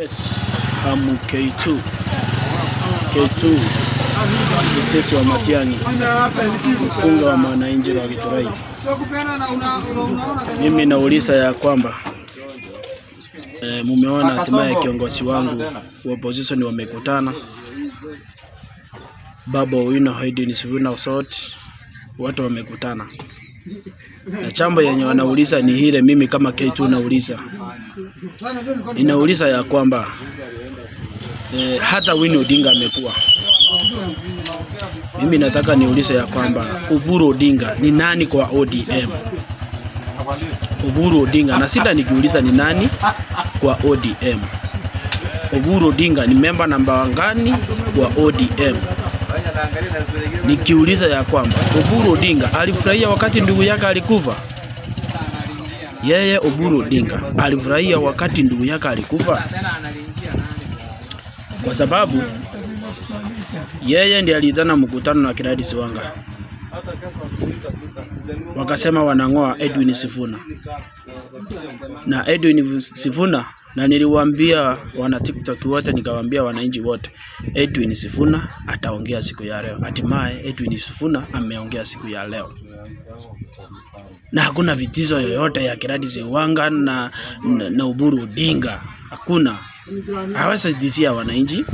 Yes, amu K2 K2 wa Matiang'i, mpunga wa mwananchi wa Githurai. Mimi nauliza ya kwamba e, mumeona hatimaye kiongozi wangu wa opposition wamekutana, Baba Owino Haydn Sifuna Osot, watu wamekutana na chamba yenye wanauliza ni ile mimi kama K2 nauliza, ya kwamba e, hata Winnie Odinga amekuwa mimi nataka niulize ya kwamba Uburu Odinga ni nani kwa ODM? Uburu Odinga na sita nikiuliza ni nani kwa ODM? Uburu Odinga ni memba namba ngani kwa ODM? nikiuliza ya kwamba Oburu Odinga alifurahia wakati ndugu yake alikufa. Yeye Oburu Odinga alifurahia wakati ndugu yake alikufa, kwa sababu yeye ndiye alidhana mkutano na Gladys Wanga wakasema wanang'oa Edwin Sifuna na Edwin Sifuna, na niliwaambia wana TikTok wote, nikawaambia wananchi wote, Edwin Sifuna ataongea siku ya leo. Hatimaye Edwin Sifuna ameongea siku ya leo, na hakuna vitizo yoyote ya Gladys Wanga na, na, na Uburu Odinga, hakuna hawezi disia wananchi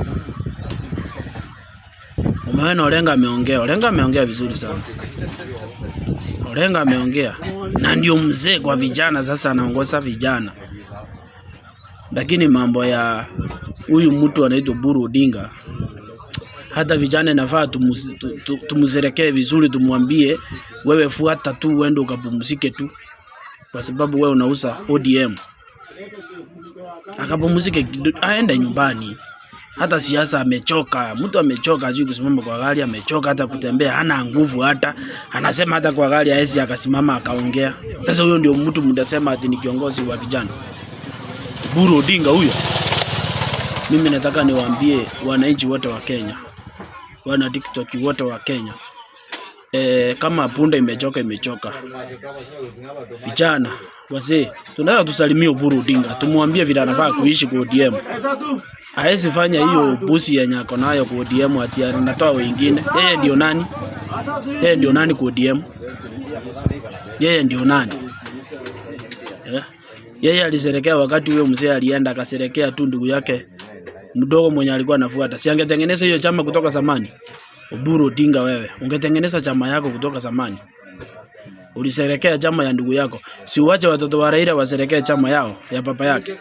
Umeona Olenga ameongea, Olenga ameongea vizuri sana. Olenga ameongea na ndio mzee kwa vijana, sasa anaongoza vijana, lakini mambo ya huyu mtu anaitwa Buru Odinga, hata vijana inafaa tumuzerekee tu, tu, vizuri, tumwambie wewe, fuata tu uende ukapumzike tu, kwa sababu wewe unausa ODM. Akapumzike, aende nyumbani hata siasa amechoka, mtu amechoka, ajui kusimama kwa gari, amechoka hata kutembea, hana nguvu, hata anasema hata kwa gari haezi akasimama akaongea. Sasa huyo ndio mtu mtasema ati ni kiongozi wa vijana? Buru Odinga huyo. Mimi nataka niwaambie wananchi wote wa Kenya, wana TikTok wote wa Kenya eh, kama punda imechoka imechoka. Vijana wazee, tunataka tusalimie Oburu Odinga, tumwambie vile anafaa kuishi kwa ODM. Haezi fanya hiyo busi yenye ako nayo kwa ODM ati anatoa wengine. Yeye ndio nani? Yeye ndio nani kwa ODM? Yeye ndio nani? Eh, yeye aliserekea wakati huyo mzee alienda akaserekea tu ndugu yake mdogo mwenye alikuwa anafuata. Si angetengeneza hiyo chama kutoka zamani? Oburu Odinga, wewe ungetengeneza chama yako kutoka zamani. Uliserekea chama ya ndugu yako, si uache watoto wa Raila waserekee chama yao ya papa yake.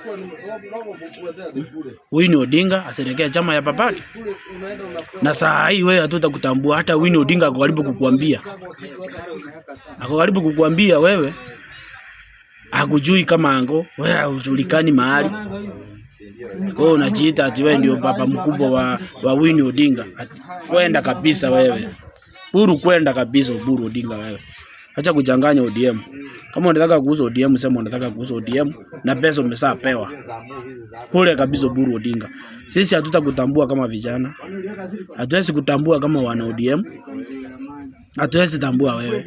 Winnie Odinga aserekea chama ya papake, na saa hii wewe hatutakutambua hata. Winnie Odinga ako karibu kukuambia, ako karibu kukuambia wewe hakujui kama ango wewe haujulikani mahali kwa unajiita ati wewe ndio baba mkubwa wa, wa Winnie Odinga. Kwenda kabisa wewe. Buru kwenda kabisa Buru Odinga wewe. Acha kujanganya ODM. Kama unataka kuuza ODM, sema unataka kuuza ODM na pesa umeshapewa. Pole kabisa Buru Odinga. Sisi hatutakutambua kama vijana. Hatuwezi kutambua kama wana ODM. Hatuwezi tambua wewe.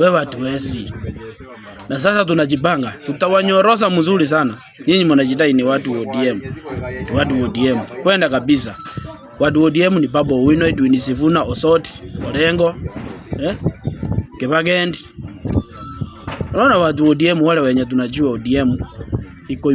Wewe hatuwezi. Na sasa tunajipanga, tutawanyorosa mzuri sana. Nyinyi mnajidai ni watu wa ODM. Watu wa ODM. Kwenda kabisa wa ODM ni Babo Owino, Edwin Sifuna, Osoti Orengo, eh? Kipagend. Unaona watu ODM wale wenye tunajua ODM iko